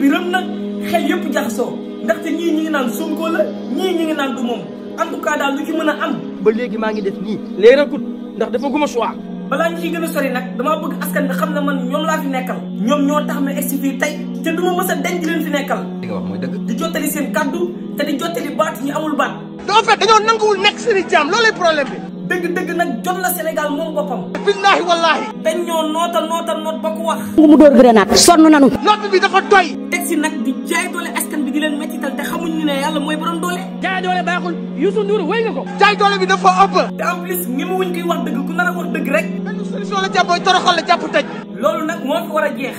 bi rëm nag xel yep jaxso ndax te ñi ngi naan Sonko la ñi ñi ngi naan du mom en tout cas daal lu ci mëna am. ba léegi ma ngi def ni leeral kut ndax dafa guma choix. balaa ñu ciy gëna sori nak dama bëgg askan bi xam ne man ñom la fi nekkal. ñom ño tax ma egsi tay te duma mësa denj leen fi nekkal. li nga wax moy dëgg. di jotali seen kaddu te di jotali baat ñi amul baat. do fekk dañoo nanguwul nek seen i lolé problème bi. dëgg-dëgg nag jot na Sénégal moom boppam. billaahi wallaahi. dañ ñoo nootal nootal noot ba ko wax. mu dóor grenade sonn nanu. noot bi dafa doy. teg si nag di jaay doole askan bi di leen mettital te xamuñu ne yàlla mooy borom doole. jaay doole baaxul Youssou Ndour wéy nga ko. jaay doole bi dafa ëpp. te en plus ñemewuñ koy wax dëgg ku nar a wax dëgg rek. benn solution la jàpp mooy la jàpp tëj. loolu nag moo fi war a jeex.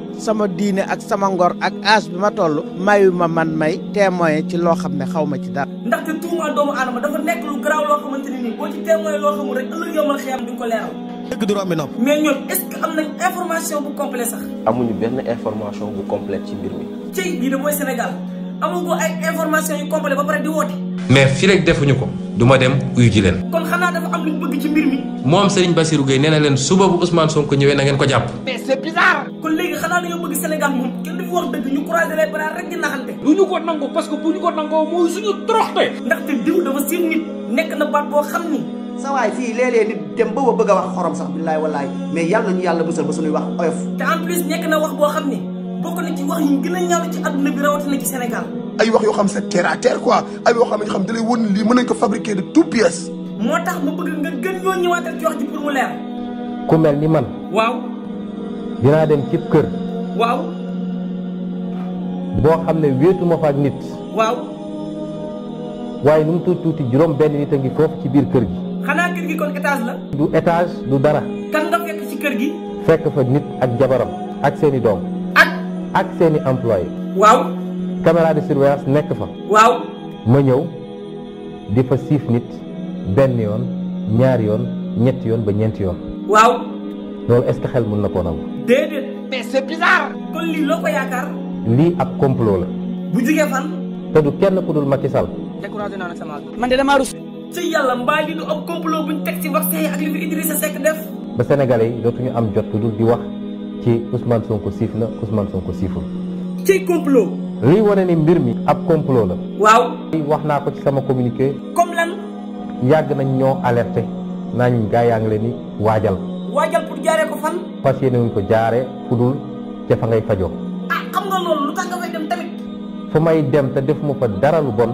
sama diine ak sama ngor ak aas bi ma toll mayu ma man may témoin ci loo xam ne xaw ma ci dara ndaxte tuumaal doomu aadama dafa nekk lu garaaw loo xamante ne nii boo ci témoin loo xamul rek ëllëg yomal xiyam duñ ko leeral dëgg du romb nopp bu complet sax amuñu benn information bu complète ci biir mi ci lii de mooy Sénégal amagoo ay information yu complet ba pare di woote. mais fii defuñu ko duma dem uyu leen. kon xanaa dafa am lu bëgg ci mbir mi. moom Serigne Bassirou Gueye nee na leen suba bu Ousmane Sonko ñëwee na ngeen ko jàpp. parce que bu ñu ko nangoo nekk na baat boo xam ni. sa waay fii léeg-léeg nit dem ba bëgg wax xorom sax billaay wallaay mais yàlla ñu yàlla bësal ba suñuy wax oyof. te en plus nekk na wax boo xam ni bokk na ci wax yi gën a ñaaw ci àdduna bi rawatina ci Sénégal ay wax yoo xam c'est terre à terre quoi ay yoo xam ne xam da lay won lii mën nañ ko fabriquer de toutes moo tax ma bëgg nga gën ñoo ñëwaatal ci wax ji pour mu leer. ku mel ni man. waaw. dinaa dem cib kër. waaw. boo xam ne wéetuma fa ak nit. waaw. waaye nu tuuti tuuti juróom benn nit a ngi foofu ci biir kër gi. xanaa kër gi kon étage la. du étage du dara. kan nga fekk ci kër gi. fekk fa nit ak jabaram ak seeni doom. ak ak seeni employé. waaw. caméra de surveillance nekk fa. waaw. ma ñëw di fa siif nit benn yoon ñaari yoon ñetti yoon ba ñeenti yoon. waaw. loolu est-ce que xel mën na koo nangu. déedéet. mais c'est bizarre. lii loo ko yaakaar. lii ab complot la. bu jugee fan. te du kenn ku dul Macky Sall. découragé naa nag sama man de damaa rus. ci yàlla mbaa li du ab complot buñ teg ci waxte yi ak li fi Idrissa Seck def. ba Sénégalais yi dootuñu am jot lu dul di wax ci Ousmane Sonko siif na Ousmane Sonko siiful. li woné ni mbir mi ab complot la. waw wax naa ko ci sama communiqué. comme lan. yag nañ ñoo alerter nañ gaa yaa ngi leen pour jaaree ko fan. fas yéene wuñ ko jaaree fudul ci fa ngay fajo ah xam nga loolu lu tax nga fay dem tamit. fu may dem te mu fa dara lu bon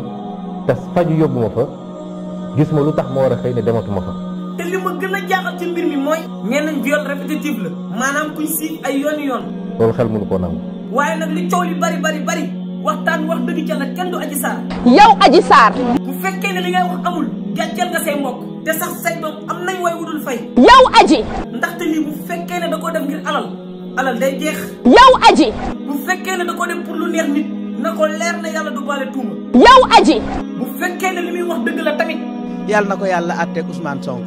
te faju yóbbu ma fa gis ma lu tax ma war a xëy ne dematuma fa. te li ma gëna a ci mbir mi mooy. ñeneen viol répétitif la. manam kuy siif ay yoon yoon. loolu xel mu ko nangu. waaye nag li coow li bari bari bari waxtaan wax dëgg jàll kenn du Adji Sarr. yow Adji Sarr. bu fekkee ne li ngay wax amul gàcceel nga say mbokk te sax say doom am nañ way wudul fay. yow Adji. ndaxte lii bu fekkee ne da koo def ngir lu neex nit na ko leer na yàlla du baale tuuma. yow Adji. bu fekkee ne li muy wax dëgg la tamit. yàlla na ko yàlla àtteeg Ousmane Sonko.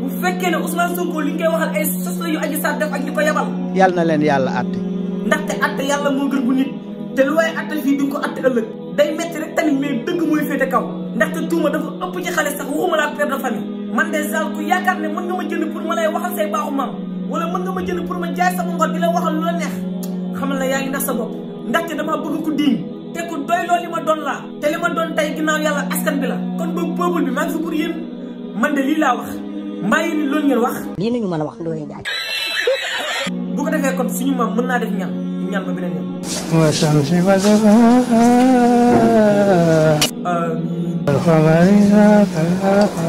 bu fekkee ne Ousmane Sonko li ngay waxal ay sos la yu Adji Sarr def ak ñu ko yabal. yàlla na leen yàlla àtte. ndaxte atte yàlla moo gën bu nit te lu waaye atte fii di ko atte ëllëg day metti rek tamit mais dëgg mooy féete kaw ndaxte tuuma dafa ëpp ci xale sax waxuma laa père de famille man de sal ku yaakaar ne mën nga ma jënd pour ma ma jënd pour ma jaay sama ngor di la waxal lu la neex xamal na yaa ngi ndax sa bopp ndaxte damaa bëgg ku diiñ te ku doy loolu li ma doon laa te li ma doon tey ginnaaw yàlla askan bi la kon boobu peuple bi maa ngi pour yéen man de lii laa wax mbaa yéen loolu ngeen wax a wax Ndoye Ndiaye ko defee kon suñu maam mën naa def ñaan ñaan ba beneen yoon. wa sam si ma dafa. amiin.